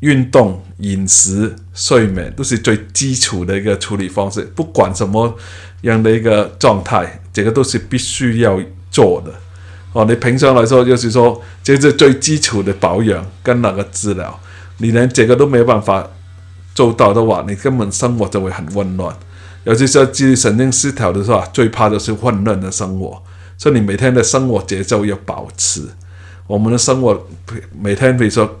運動、飲食、睡眠都是最基礎的一個處理方式，不管什麼樣的一個狀態，這個都是必須要做的。哦，你平常來說就是說，這是最基礎的保養跟那個治療，你連這個都沒辦法做到的話，你根本生活就會很混亂。尤其是自律神經失調的話，最怕就是混亂的生活，所以你每天的生活節奏要保持。我們的生活每天，比如說。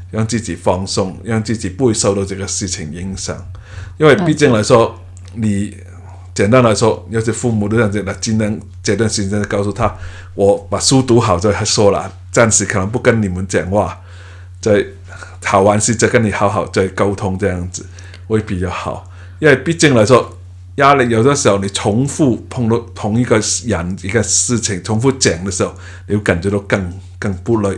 讓自己放鬆，讓自己不會受到這個事情影響。因為畢竟來說，嗯、你簡單來說，有些父母都這樣子，那今天這段時間告訴他：我把書讀好再說啦，暫時可能不跟你們講話，在考完試再跟你好好再溝通，這樣子會比較好。因為畢竟來說，壓力有的時候你重複碰到同一個人一個事情，重複講的時候，你會感覺到更更不累。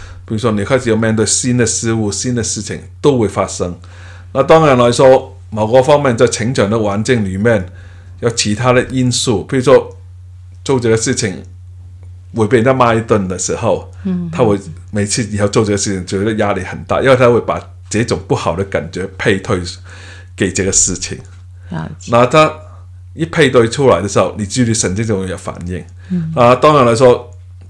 譬如說，你開始要面對新的事物、新的事情都會發生。那當然來說，某個方面在成長的環境裡面，有其他的因素，譬如說做這個事情會被人家罵一頓的時候，嗯，他會每次以後做這個事情就會壓力很大，嗯、因為他會把這種不好的感覺配對給這個事情。了解。那他一配對出來的時候，你自律神經就會有反應。啊、嗯，當然來說。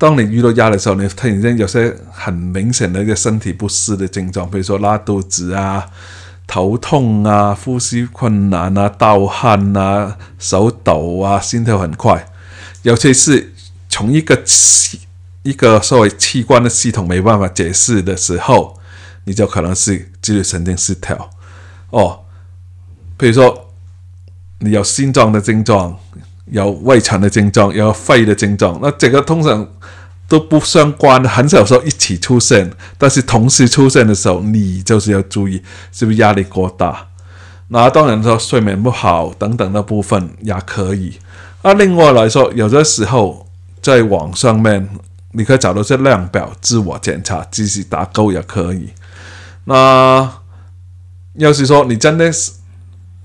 當你遇到壓力時候，你突然間有些很明顯的一個身體不適的症狀，譬如說拉肚子啊、頭痛啊、呼吸困難啊、盜汗啊、手抖啊、心跳很快，尤其是從一個一個所謂器官的系統沒辦法解釋的時候，你就可能是自律神經失調。哦，譬如說你有心臟的症狀。有胃腸的症狀，有肺的症狀，那這個通常都不相關，很少說一起出現，但是同時出現的時候，你就是要注意，是不是壓力過大？那當然，說睡眠不好等等的部分也可以。啊，另外來說，有的時候在網上面你可以找到這量表，自我檢查，自己打勾也可以。那要是說你真的是，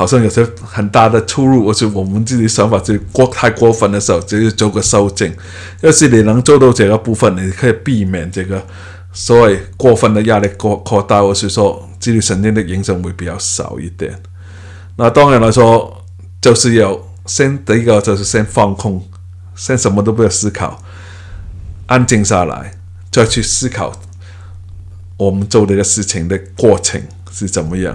好像有些很大的出入，或者我們自己想法就過太過分的時候，就要做個修正。要是你能做到這個部分，你可以避免這個所謂過分的壓力過擴大，或是說,說自律神經的影響會比較少一點。那當然來說，就是要先第一個就是先放空，先什麼都不要思考，安靜下來，再去思考我們做這個事情的過程是怎麼樣。